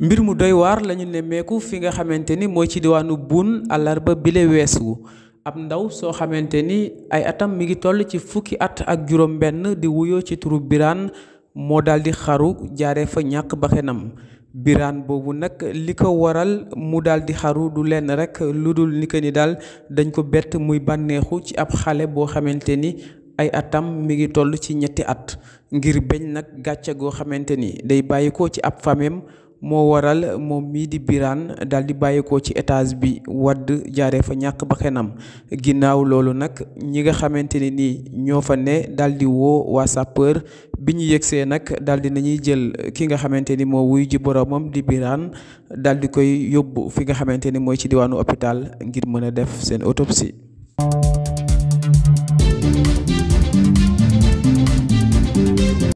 mbir mu doy waar lañu nemmeeku fi nga xamante ni mooy ci diwaanu buun àllarba bile weesu ab ndaw soo xamante ni ay atam mi ngi toll ci fukki at ak juróom di wuyoo ci turu Birane moo daal di xaru jaaree fa ñàkk bakkanam Birane boobu nag li ko waral mu daal di xaru du lenn rek lu dul ni que ni daal dañ ko bett muy bànneexu ci ab xale boo xamante ni ay atam mi ngi toll ci ñetti at ngir beñ nag gàcce goo xamante ni day bàyyi ko ci ab famem moo waral moom mii di Birane daal di bàyyeekoo ci étage bi wadd jaaree fa ñàkk ba xenam ginnaaw loolu nag ñi nga xamante ne nii ñoo fa ne daal di woo waa sapeur bi ñu yëgsee nag daal di nañuy jël ki nga xamante ni moo wuy ji boromam di Birane daal di koy yóbbu fi nga xamante ni mooy ci diwaanu hopital ngir mën a def seen autopsie.